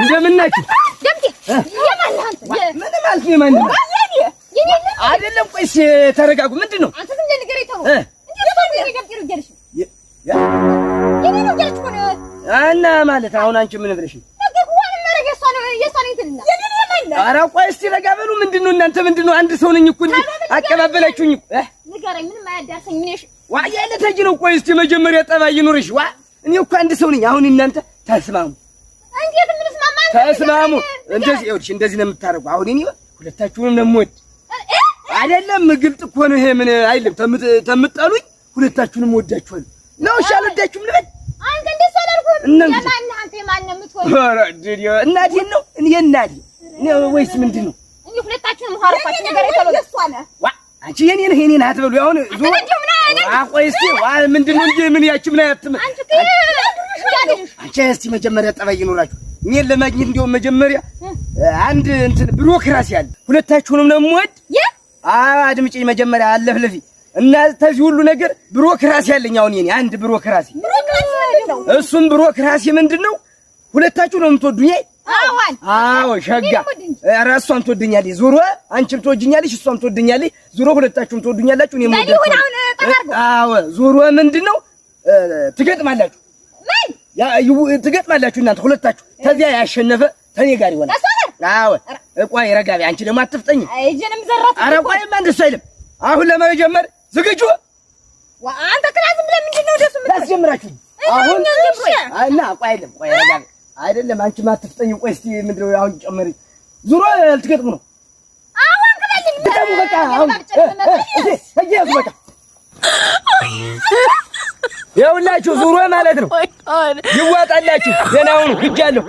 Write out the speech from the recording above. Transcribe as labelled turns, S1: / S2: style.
S1: እንደምናችሁ ምንም አይደለም። ቆይ ተረጋጉ። ምንድን ነው እና ማለት አሁን አንቺ ምን ብለሽ ኧረ ቆይ እስኪ ረጋ በሉ። ምንድን ነው እናንተ? ምንድን ነው አንድ ሰው ነኝ እኮ እንደ አቀባበላችሁኝ እኮ
S2: ንገረኝ። ምንም አያዳርሰኝ
S1: ነው። ቆይ እስኪ መጀመሪያ ጠባይ ዋ እኔ እኮ አንድ ሰው ነኝ። አሁን እናንተ ተስማሙ ተስማሙ። እንደዚህ ይኸውልሽ፣ እንደዚህ ነው የምታደርጉ። አሁን እኔ ሁለታችሁንም ነው የምወድ አይደለም። ግልጥ እኮ ነው ይሄ። ምን አይልም። ተምጠሉኝ፣ ሁለታችሁንም ወዳችኋል ነው። እሺ አልወዳችሁም ልበል?
S2: አንተ እንደሱ አላልኩም። እና አንተ ማን ነው የምትሆን?
S1: ኧረ እናቴን ነው እኔ እናቴ ወይስ ምንድን ነው?
S2: እኔ ሁለታችሁንም ሀርፋችሁ ነገር የተለው
S1: አንቺ የኔ ነህ የኔ ነህ አትበሉ። አሁን ዞሮ አቆይ እስኪ ምንድን ነው እንጂ ምን ያችም ምን አያትም አንቺ እስኪ መጀመሪያ ጠባይ ይኖራችሁ እኔን ለማግኘት እንዲያውም መጀመሪያ አንድ እንትን ቢሮክራሲ አለ። ሁለታችሁንም ነው የምወድ። አድምጪኝ መጀመሪያ አለፍልፊ እና ተዚህ ሁሉ ነገር ቢሮክራሲ አለኝ። አሁን የኔ አንድ ቢሮክራሲ እሱም ቢሮክራሲ ምንድን ነው? ሁለታችሁ ነው የምትወዱኝ። አዎ ሸጋ ኧረ እሷም ትወደኛለች፣ ዞሮ አንቺም ትወጂኛለሽ፣ እሷም ትወደኛለች፣ ዞሮ ሁለታችሁም ትወዱኛላችሁ። እኔም አዎ ዙሮ ምንድን ነው ትገጥማላችሁ ትገጥማላችሁ እናንተ ሁለታችሁ። ከዚያ ያሸነፈ ተኔ ጋር ይሆናል። አዎ እቆይ ረጋቢ፣ አንቺ ደግሞ አትፍጠኝ። ኧረ ቆይማ እንደሱ አይልም። አሁን ለመጀመር ዝግጁ
S2: አንተ ክላስ ብለህ ምንድን ነው ደሱ ታስጀምራችሁ? አሁን
S1: እና ቆይ አይደለም፣ ቆይ ረጋቢ አይደለም። አንቺማ አትፍጠኝ። ቆይ እስኪ ምንድን ነው አሁን ጨመሪ። ዙሮ ልትገጥሙ ነው አሁን ክላስ ይኸውላችሁ ዙሮ ማለት ነው ይዋጣላችሁ። ደህና ሁኑ። ሂጃለሁ።